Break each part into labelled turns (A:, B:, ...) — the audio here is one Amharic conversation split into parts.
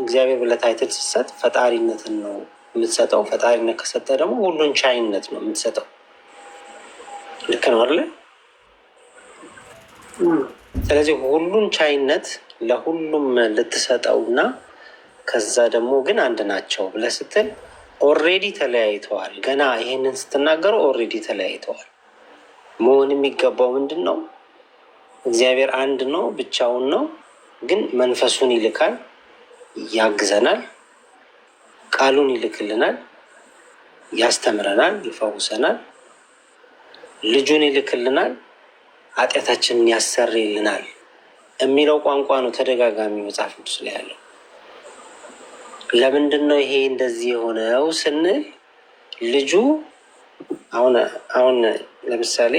A: እግዚአብሔር ብለህ ታይትል ስትሰጥ ፈጣሪነትን ነው የምትሰጠው። ፈጣሪነት ከሰጠ ደግሞ ሁሉን ቻይነት ነው የምትሰጠው። ልክ ነው አለ። ስለዚህ ሁሉን ቻይነት ለሁሉም ልትሰጠው እና ከዛ ደግሞ ግን አንድ ናቸው ብለህ ስትል ኦሬዲ ተለያይተዋል። ገና ይሄንን ስትናገሩ ኦሬዲ ተለያይተዋል። መሆን የሚገባው ምንድን ነው? እግዚአብሔር አንድ ነው፣ ብቻውን ነው፣ ግን መንፈሱን ይልካል ያግዘናል፣ ቃሉን ይልክልናል፣ ያስተምረናል፣ ይፈውሰናል። ልጁን ይልክልናል፣ ኃጢአታችንን ያሰርይልናል የሚለው ቋንቋ ነው ተደጋጋሚ መጽሐፍ ቅዱስ ላይ ያለው። ለምንድን ነው ይሄ እንደዚህ የሆነው ስንል ልጁ አሁን አሁን ለምሳሌ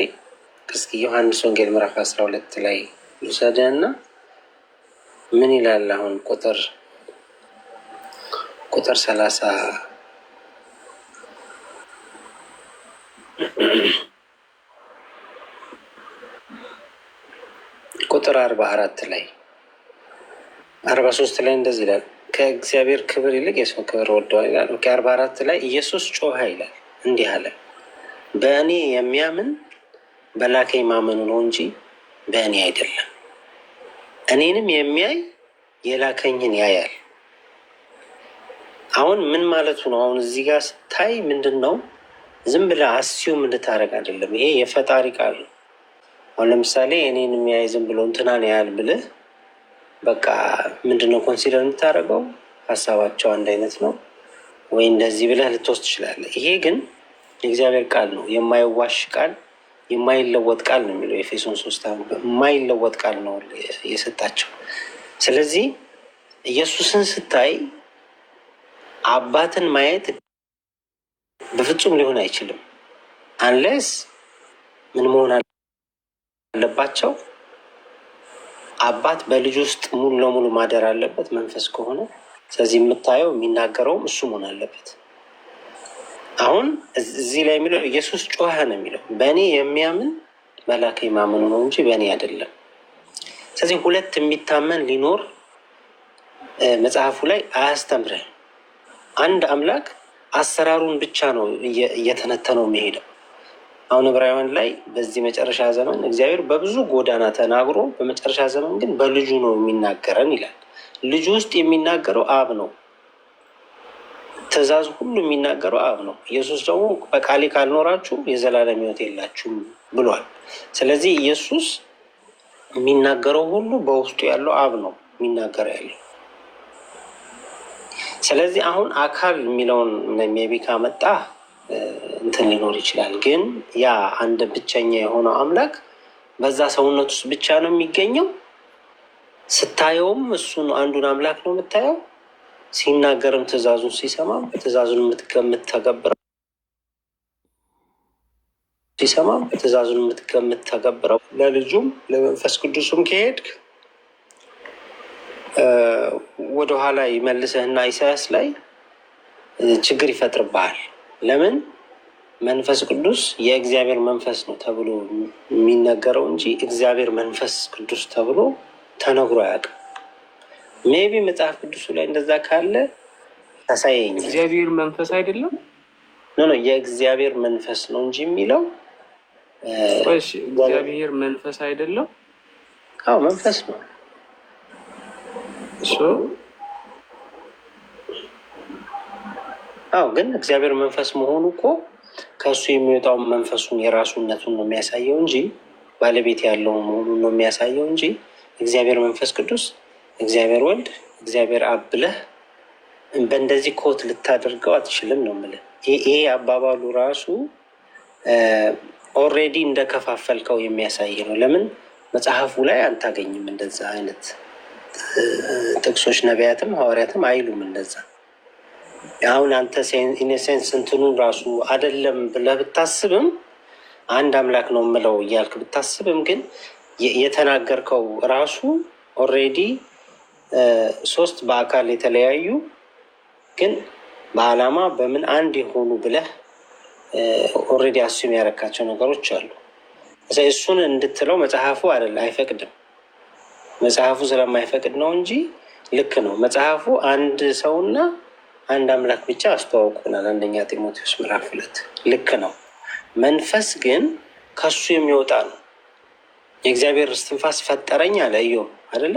A: እስኪ ዮሐንስ ወንጌል ምዕራፍ አስራ ሁለት ላይ ልውሰድህና ምን ይላል አሁን ቁጥር ቁጥር ሰላሳ ቁጥር አርባ አራት ላይ አርባ ሶስት ላይ እንደዚህ ይላል ከእግዚአብሔር ክብር ይልቅ የሰው ክብር ወደዋል ይላል። አርባ አራት ላይ ኢየሱስ ጮኸ ይላል እንዲህ አለ፣ በእኔ የሚያምን በላከኝ ማመኑ ነው እንጂ በእኔ አይደለም። እኔንም የሚያይ የላከኝን ያያል አሁን ምን ማለቱ ነው? አሁን እዚህ ጋር ስታይ ምንድን ነው ዝም ብለህ አስዩም እንድታደርግ አይደለም። ይሄ የፈጣሪ ቃል ነው። አሁን ለምሳሌ እኔን የሚያይ ዝም ብሎ እንትናን ያህል ብልህ በቃ ምንድነው ኮንሲደር የምታደረገው ሀሳባቸው አንድ አይነት ነው ወይ እንደዚህ ብለህ ልትወስድ ትችላለህ። ይሄ ግን የእግዚአብሔር ቃል ነው፣ የማይዋሽ ቃል፣ የማይለወጥ ቃል ነው የሚለው ኤፌሶን ሶስት የማይለወጥ ቃል ነው የሰጣቸው። ስለዚህ ኢየሱስን ስታይ አባትን ማየት በፍጹም ሊሆን አይችልም። አንለስ ምን መሆን አለባቸው? አባት በልጅ ውስጥ ሙሉ ለሙሉ ማደር አለበት መንፈስ ከሆነ። ስለዚህ የምታየው የሚናገረውም እሱ መሆን አለበት። አሁን እዚህ ላይ የሚለው ኢየሱስ ጮኸ ነው የሚለው በእኔ የሚያምን መላከ ማመኑ ነው እንጂ በእኔ አይደለም። ስለዚህ ሁለት የሚታመን ሊኖር መጽሐፉ ላይ አያስተምርህም። አንድ አምላክ አሰራሩን ብቻ ነው እየተነተነው የሚሄደው። አሁን ዕብራውያን ላይ በዚህ መጨረሻ ዘመን እግዚአብሔር በብዙ ጎዳና ተናግሮ በመጨረሻ ዘመን ግን በልጁ ነው የሚናገረን ይላል። ልጁ ውስጥ የሚናገረው አብ ነው። ትእዛዝ ሁሉ የሚናገረው አብ ነው። ኢየሱስ ደግሞ በቃሌ ካልኖራችሁ የዘላለም ሕይወት የላችሁም ብሏል። ስለዚህ ኢየሱስ የሚናገረው ሁሉ በውስጡ ያለው አብ ነው የሚናገረው ያለው ስለዚህ አሁን አካል የሚለውን ሜቢ ካመጣ እንትን ሊኖር ይችላል። ግን ያ አንድ ብቸኛ የሆነው አምላክ በዛ ሰውነት ውስጥ ብቻ ነው የሚገኘው። ስታየውም እሱን አንዱን አምላክ ነው የምታየው። ሲናገርም ትእዛዙን ሲሰማም ትእዛዙን የምትተገብረው ሲሰማም ትእዛዙን የምትተገብረው ለልጁም ለመንፈስ ቅዱሱም ከሄድክ ወደኋላ ይመልስህና ኢሳያስ ላይ ችግር ይፈጥርብሃል። ለምን መንፈስ ቅዱስ የእግዚአብሔር መንፈስ ነው ተብሎ የሚነገረው እንጂ እግዚአብሔር መንፈስ ቅዱስ ተብሎ ተነግሮ አያውቅም። ሜቢ መጽሐፍ ቅዱሱ ላይ እንደዛ ካለ ታሳየኝ።
B: እግዚአብሔር መንፈስ አይደለም
A: ኖ ኖ የእግዚአብሔር መንፈስ ነው እንጂ የሚለው
B: እግዚአብሔር መንፈስ አይደለም።
A: አዎ መንፈስ ነው። እሱ አው ግን እግዚአብሔር መንፈስ መሆኑ እኮ ከእሱ የሚወጣው መንፈሱን የራሱነቱን ነው የሚያሳየው እንጂ ባለቤት ያለው መሆኑን ነው የሚያሳየው እንጂ እግዚአብሔር መንፈስ ቅዱስ፣ እግዚአብሔር ወልድ፣ እግዚአብሔር አብ ብለህ በእንደዚህ ኮት ልታደርገው አትችልም ነው የምልህ። ይሄ አባባሉ ራሱ ኦሬዲ እንደከፋፈልከው የሚያሳይ ነው። ለምን መጽሐፉ ላይ አልታገኝም እንደዛ አይነት ጥቅሶች ነቢያትም ሐዋርያትም አይሉም እነዛ አሁን አንተ ኢኔሴንስ እንትኑን ራሱ አይደለም ብለህ ብታስብም አንድ አምላክ ነው የምለው እያልክ ብታስብም ግን የተናገርከው ራሱ ኦሬዲ ሶስት በአካል የተለያዩ ግን በዓላማ በምን አንድ የሆኑ ብለህ ኦሬዲ አሱ ያረካቸው ነገሮች አሉ። እሱን እንድትለው መጽሐፉ አይደለ አይፈቅድም። መጽሐፉ ስለማይፈቅድ ነው እንጂ ልክ ነው። መጽሐፉ አንድ ሰውና አንድ አምላክ ብቻ አስተዋውቁናል። አንደኛ ጢሞቴዎስ ምዕራፍ ሁለት ልክ ነው። መንፈስ ግን ከሱ የሚወጣ ነው። የእግዚአብሔር እስትንፋስ ፈጠረኝ አለ እዮብ አደለ?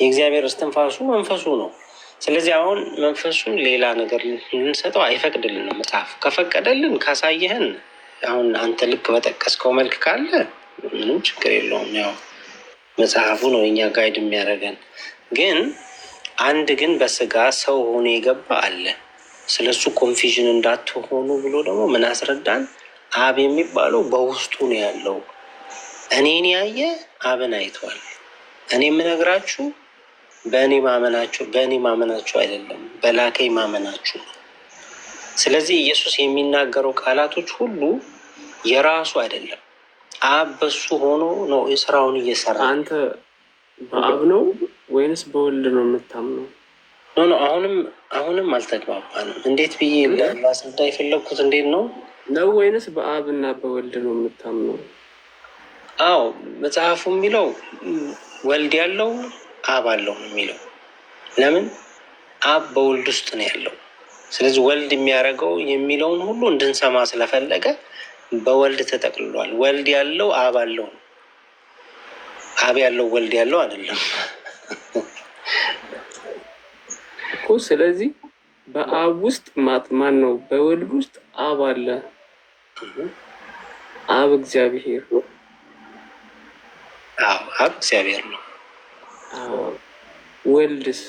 A: የእግዚአብሔር እስትንፋሱ መንፈሱ ነው። ስለዚህ አሁን መንፈሱን ሌላ ነገር ልንሰጠው አይፈቅድልንም። መጽሐፍ ከፈቀደልን ካሳየህን፣ አሁን አንተ ልክ በጠቀስከው መልክ ካለ ምንም ችግር የለውም ያው መጽሐፉ ነው እኛ ጋይድ የሚያደርገን። ግን አንድ ግን በስጋ ሰው ሆኖ የገባ አለ። ስለ እሱ ኮንፊዥን እንዳትሆኑ ብሎ ደግሞ ምን አስረዳን? አብ የሚባለው በውስጡ ነው ያለው። እኔን ያየ አብን አይተዋል። እኔ የምነግራችሁ በእኔ ማመናችሁ በእኔ ማመናችሁ አይደለም በላከኝ ማመናችሁ ነው። ስለዚህ ኢየሱስ የሚናገረው ቃላቶች ሁሉ የራሱ አይደለም አብ በሱ ሆኖ ነው ስራውን እየሰራ።
B: አንተ በአብ ነው ወይንስ በወልድ ነው የምታምነው?
A: ኖ አሁንም አሁንም አልተግባባንም። እንዴት ብዬ ላስረዳ የፈለግኩት እንዴት ነው
B: ነው ወይንስ በአብ እና በወልድ ነው የምታምነው?
A: አዎ መጽሐፉ የሚለው ወልድ ያለው አብ አለው ነው የሚለው። ለምን አብ በወልድ ውስጥ ነው ያለው። ስለዚህ ወልድ የሚያደርገው የሚለውን ሁሉ እንድንሰማ ስለፈለገ በወልድ ተጠቅልሏል። ወልድ ያለው አብ አለው፣ አብ ያለው ወልድ ያለው አይደለም
B: እኮ። ስለዚህ በአብ ውስጥ ማጥማን ነው፣ በወልድ ውስጥ አብ አለ፣ አብ እግዚአብሔር
A: አብ እግዚአብሔር ነው።
B: ወልድስ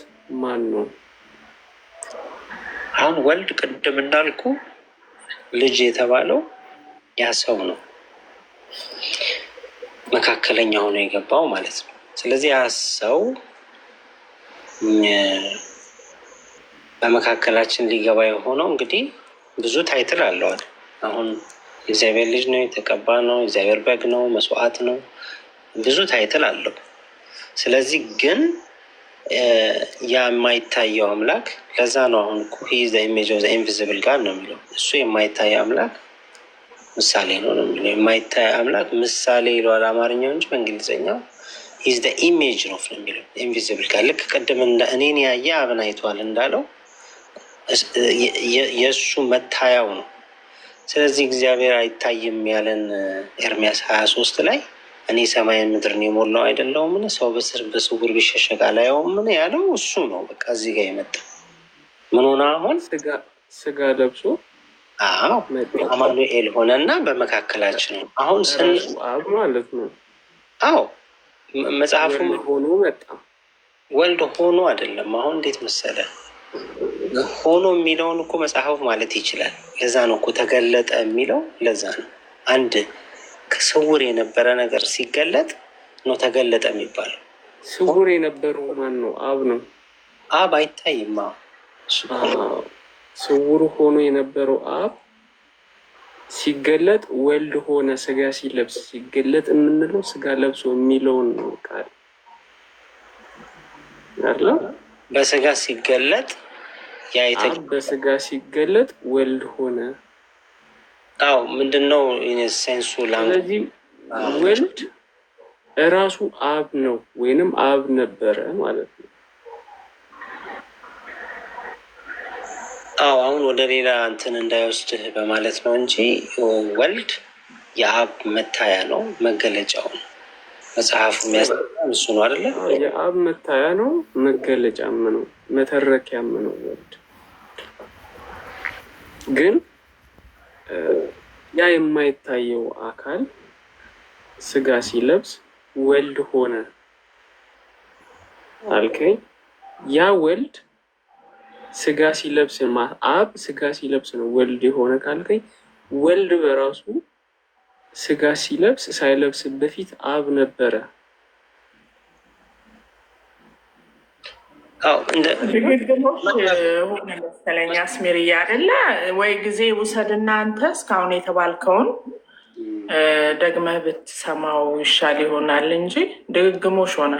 B: ማን ነው?
A: አሁን ወልድ ቅድም እንዳልኩ ልጅ የተባለው ያ ሰው ነው መካከለኛ ሆኖ የገባው ማለት ነው። ስለዚህ ያ ሰው በመካከላችን ሊገባ የሆነው እንግዲህ ብዙ ታይትል አለዋል። አሁን የእግዚአብሔር ልጅ ነው፣ የተቀባ ነው፣ የእግዚአብሔር በግ ነው፣ መስዋዕት ነው፣ ብዙ ታይትል አለው። ስለዚህ ግን ያ የማይታየው አምላክ ለዛ ነው አሁን ኢንቪዚብል ጋር ነው የሚለው እሱ የማይታየው አምላክ ምሳሌ ነው ነው የሚለው። የማይታይ አምላክ ምሳሌ ይለዋል አማርኛው እንጂ በእንግሊዝኛው ኢዝ ደ ኢሜጅ ነው ነው የሚለው። ኢንቪዚብል ጋር ልክ ቅድም እኔን ያየ አብን አይቷል እንዳለው የእሱ መታያው ነው። ስለዚህ እግዚአብሔር አይታይም ያለን ኤርሚያስ ሀያ ሶስት ላይ እኔ ሰማይን ምድርን የሞላው አይደለውምን? ሰው በስር በስውር ቢሸሸግ አላየውምን? ያለው እሱ ነው። በቃ እዚህ ጋር የመጣ ምን ሆነ አሁን
B: ስጋ ለብሶ
A: አማኑኤል ሆነና በመካከላችን ነው። አሁን ማለት ነው። አዎ መጽሐፉም ሆኖ መጣ። ወልድ ሆኖ አይደለም። አሁን እንዴት መሰለ ሆኖ የሚለውን እኮ መጽሐፉ ማለት ይችላል። ለዛ ነው እኮ ተገለጠ የሚለው ለዛ ነው። አንድ ከስውር የነበረ ነገር ሲገለጥ ነው ተገለጠ የሚባለው።
B: ስውር የነበረው ማን ነው? አብ ነው።
A: አብ አይታይማ
B: ስውር ሆኖ የነበረው አብ ሲገለጥ ወልድ ሆነ ስጋ ሲለብስ ሲገለጥ የምንለው ስጋ ለብሶ የሚለውን ነው ቃል
A: በስጋ ሲገለጥ
B: በስጋ ሲገለጥ ወልድ ሆነ።
A: አዎ ምንድን ነው ሴንሱ?
B: ስለዚህ ወልድ እራሱ አብ ነው ወይንም አብ ነበረ ማለት ነው።
A: አዎ አሁን ወደ ሌላ እንትን እንዳይወስድህ በማለት ነው እንጂ ወልድ የአብ መታያ ነው፣ መገለጫው ነው። መጽሐፉ የሚያስጠቃም እሱ ነው አይደለ?
B: የአብ መታያ ነው፣ መገለጫም ነው፣ መተረኪያም ነው። ወልድ ግን ያ የማይታየው አካል ስጋ ሲለብስ ወልድ ሆነ አልከኝ። ያ ወልድ ስጋ ሲለብስ አብ ስጋ ሲለብስ ነው ወልድ የሆነ ካልከኝ ወልድ በራሱ ስጋ ሲለብስ ሳይለብስ በፊት አብ ነበረ።
C: መሰለኝ ስሜር እያደለ ወይ? ጊዜ ውሰድ እናንተ እስካሁን የተባልከውን ደግመህ ብትሰማው ይሻል ይሆናል እንጂ ድግግሞሽ ሆነ።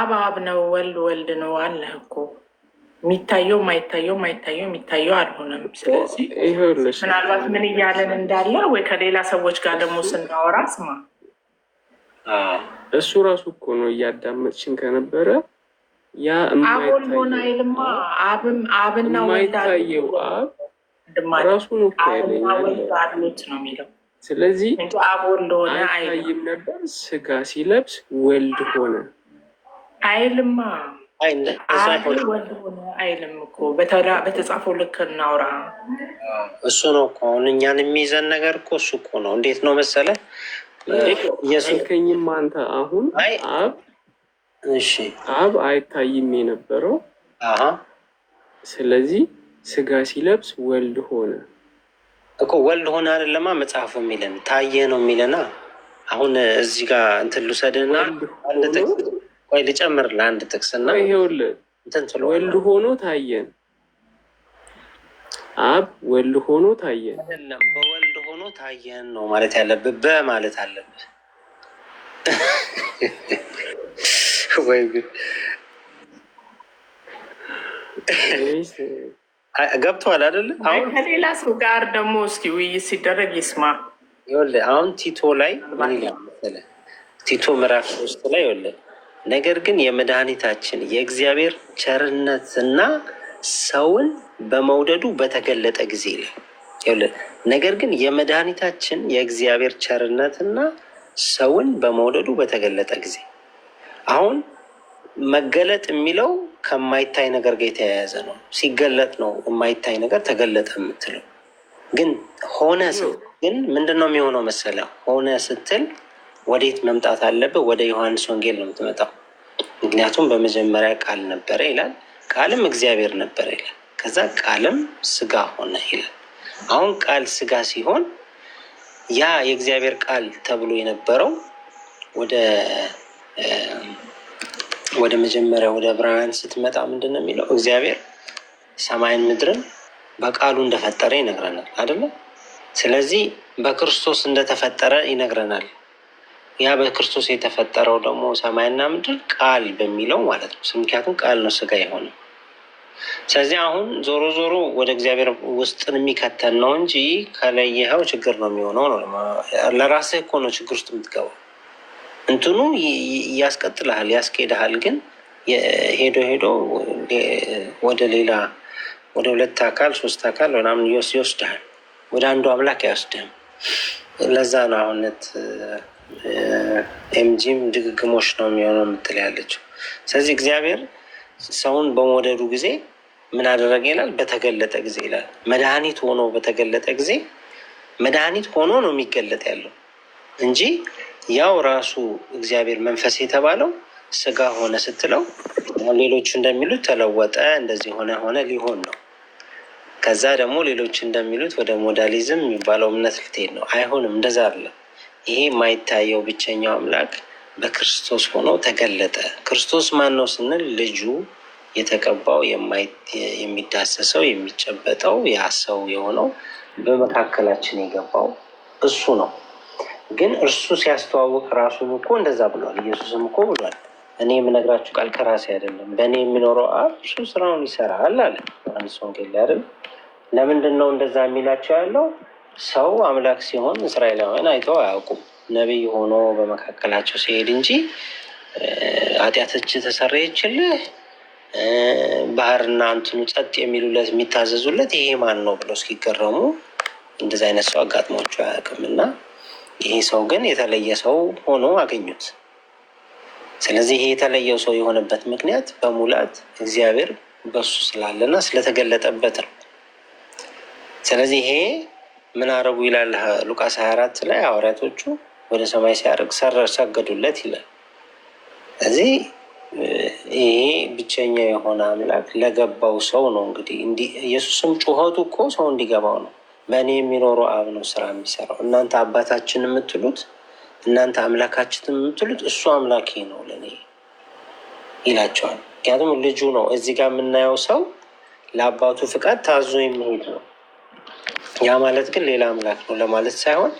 C: አብ አብ ነው፣ ወልድ ወልድ ነው አለህ እኮ የሚታየው ማይታየው ማይታየው የሚታየው አልሆነም። ስለዚህ ምናልባት ምን እያለን እንዳለ ወይ ከሌላ ሰዎች ጋር ደግሞ ስናወራ ስማ፣
B: እሱ ራሱ እኮ ነው እያዳመጥሽን ከነበረ ያ
C: አቦል ሆን አይልማ አብና
B: ወልዳየው አብ ራሱን እኮ
C: ያለኛለት ነው የሚለው ስለዚህ አቦ እንደሆነ
B: አይታይም ነበር። ስጋ ሲለብስ ወልድ ሆነ
C: አይልማ አይልም እኮ በተጻፈው ልክ እናውራ።
A: እሱ ነው እኮ አሁን እኛን የሚይዘን ነገር እኮ እሱ እኮ ነው። እንዴት ነው መሰለህ
B: ከኝም አንተ አሁን አብ አብ አይታይም የነበረው ስለዚህ ስጋ ሲለብስ ወልድ ሆነ
A: እኮ ወልድ ሆነ አይደለማ መጽሐፉ የሚለን ታየ ነው የሚለና አሁን እዚህ ጋር እንትን ልውሰድና አንድ ጥቅስ ወይ ልጨምር ለአንድ ጥቅስና
B: ይሄውልህ ወልድ ሆኖ ታየን። አብ ወልድ ሆኖ ታየን።
A: በወልድ ሆኖ ታየን ነው ማለት ያለብህ፣ በ ማለት አለብህ ወይ ገብተዋል አይደለ?
C: አሁን ከሌላ ሰው ጋር ደግሞ እስኪ ውይይት ሲደረግ ይስማ።
A: ይኸውልህ አሁን ቲቶ ላይ ቲቶ ምዕራፍ ውስጥ ላይ ይኸውልህ ነገር ግን የመድኃኒታችን የእግዚአብሔር ቸርነትና ሰውን በመውደዱ በተገለጠ ጊዜ ላይ ነገር ግን የመድኃኒታችን የእግዚአብሔር ቸርነትና ሰውን በመውደዱ በተገለጠ ጊዜ አሁን መገለጥ የሚለው ከማይታይ ነገር ጋር የተያያዘ ነው። ሲገለጥ ነው የማይታይ ነገር ተገለጠ የምትለው። ግን ሆነ ግን ምንድን ነው የሚሆነው መሰለ ሆነ ስትል ወዴት መምጣት አለብህ? ወደ ዮሐንስ ወንጌል ነው የምትመጣው። ምክንያቱም በመጀመሪያ ቃል ነበረ ይላል፣ ቃልም እግዚአብሔር ነበረ ይላል፣ ከዛ ቃልም ስጋ ሆነ ይላል። አሁን ቃል ስጋ ሲሆን ያ የእግዚአብሔር ቃል ተብሎ የነበረው ወደ ወደ መጀመሪያ ወደ ዕብራውያን ስትመጣ ምንድን ነው የሚለው? እግዚአብሔር ሰማይን ምድርን በቃሉ እንደፈጠረ ይነግረናል አይደለም? ስለዚህ በክርስቶስ እንደተፈጠረ ይነግረናል። ያ በክርስቶስ የተፈጠረው ደግሞ ሰማይና ምድር ቃል በሚለው ማለት ነው። ምክንያቱም ቃል ነው ስጋ የሆነ። ስለዚህ አሁን ዞሮ ዞሮ ወደ እግዚአብሔር ውስጥን የሚከተል ነው እንጂ ከለየኸው ችግር ነው የሚሆነው። ነው ለራስህ እኮ ነው ችግር ውስጥ የምትገባው። እንትኑ ያስቀጥልሃል፣ ያስኬድሃል። ግን ሄዶ ሄዶ ወደ ሌላ ወደ ሁለት አካል ሶስት አካል ምናምን ይወስድሃል፣ ወደ አንዱ አምላክ አይወስድህም። ለዛ ነው አሁነት ኤምጂም ድግግሞች ነው የሚሆነው የምትል ያለችው። ስለዚህ እግዚአብሔር ሰውን በመውደዱ ጊዜ ምን አደረገ ይላል? በተገለጠ ጊዜ ይላል። መድኃኒት ሆኖ በተገለጠ ጊዜ መድኃኒት ሆኖ ነው የሚገለጥ ያለው እንጂ ያው ራሱ እግዚአብሔር መንፈስ የተባለው ስጋ ሆነ ስትለው ሌሎቹ እንደሚሉት ተለወጠ፣ እንደዚህ ሆነ ሆነ ሊሆን ነው። ከዛ ደግሞ ሌሎች እንደሚሉት ወደ ሞዳሊዝም የሚባለው እምነት ልትሄድ ነው። አይሆንም፣ እንደዛ አይደለም። ይሄ የማይታየው ብቸኛው አምላክ በክርስቶስ ሆኖ ተገለጠ። ክርስቶስ ማን ነው ስንል ልጁ የተቀባው የሚዳሰሰው የሚጨበጠው ያ ሰው የሆነው በመካከላችን የገባው እሱ ነው። ግን እርሱ ሲያስተዋውቅ ራሱን እኮ እንደዛ ብሏል። ኢየሱስም እኮ ብሏል፣ እኔ የምነግራችሁ ቃል ከራሴ አይደለም፣ በእኔ የሚኖረው አብ እሱ ስራውን ይሰራል አለ። ዮሐንስ ወንጌል አይደል? ለምንድን ነው እንደዛ የሚላቸው ያለው ሰው አምላክ ሲሆን እስራኤላውያን አይተው አያውቁም። ነቢይ ሆኖ በመካከላቸው ሲሄድ እንጂ ተሰራ ተሰረየችልህ ባህርና እንትኑ ጸጥ የሚሉለት የሚታዘዙለት ይሄ ማን ነው ብለው እስኪገረሙ እንደዚ አይነት ሰው አጋጥሟቸው አያውቅም። እና ይሄ ሰው ግን የተለየ ሰው ሆኖ አገኙት። ስለዚህ ይሄ የተለየው ሰው የሆነበት ምክንያት በሙላት እግዚአብሔር በሱ ስላለና ስለተገለጠበት ነው። ስለዚህ ይሄ ምን አረጉ ይላል ሉቃስ 24 ላይ ሐዋርያቶቹ ወደ ሰማይ ሲያርግ ሰገዱለት ይላል። እዚህ ይሄ ብቸኛ የሆነ አምላክ ለገባው ሰው ነው። እንግዲህ ኢየሱስም ጩኸቱ እኮ ሰው እንዲገባው ነው። በእኔ የሚኖረው አብ ነው ስራ የሚሰራው። እናንተ አባታችን የምትሉት እናንተ አምላካችን የምትሉት እሱ አምላኬ ነው ለእኔ ይላቸዋል። ምክንያቱም ልጁ ነው። እዚህ ጋር የምናየው ሰው ለአባቱ ፍቃድ ታዞ የሚሄድ ነው። ያ ማለት ግን ሌላ አምላክ ነው ለማለት ሳይሆን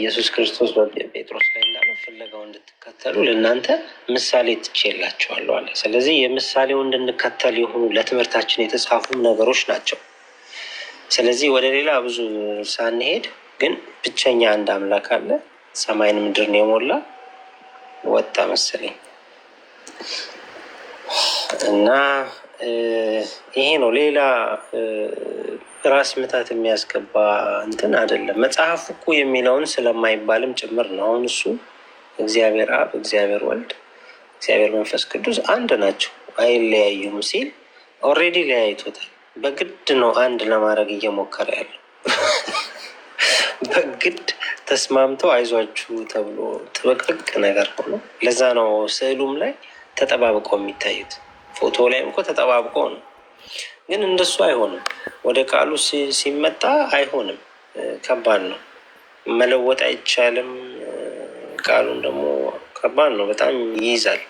A: ኢየሱስ ክርስቶስ በጴጥሮስ ላይ እንዳለው ፍለጋው እንድትከተሉ ለእናንተ ምሳሌ ትቼላችኋለሁ አለ። ስለዚህ የምሳሌው እንድንከተል የሆኑ ለትምህርታችን የተጻፉ ነገሮች ናቸው። ስለዚህ ወደ ሌላ ብዙ ሳንሄድ ግን ብቸኛ አንድ አምላክ አለ፣ ሰማይን ምድርን የሞላ ወጣ መሰለኝ እና ይሄ ነው ሌላ ራስ ምታት የሚያስገባ እንትን አይደለም። መጽሐፍ እኮ የሚለውን ስለማይባልም ጭምር ነው። አሁን እሱ እግዚአብሔር አብ፣ እግዚአብሔር ወልድ፣ እግዚአብሔር መንፈስ ቅዱስ አንድ ናቸው አይለያዩም ሲል ኦሬዲ ለያይቶታል። በግድ ነው አንድ ለማድረግ እየሞከረ ያለው። በግድ ተስማምተው አይዟችሁ ተብሎ ጥብቅብቅ ነገር ሆኖ፣ ለዛ ነው ስዕሉም ላይ ተጠባብቆ የሚታዩት። ፎቶ ላይም እኮ ተጠባብቆ ነው ግን እንደሱ አይሆንም። ወደ ቃሉ ሲመጣ አይሆንም። ከባድ ነው፣ መለወጥ አይቻልም። ቃሉን ደግሞ ከባድ ነው፣ በጣም ይይዛል።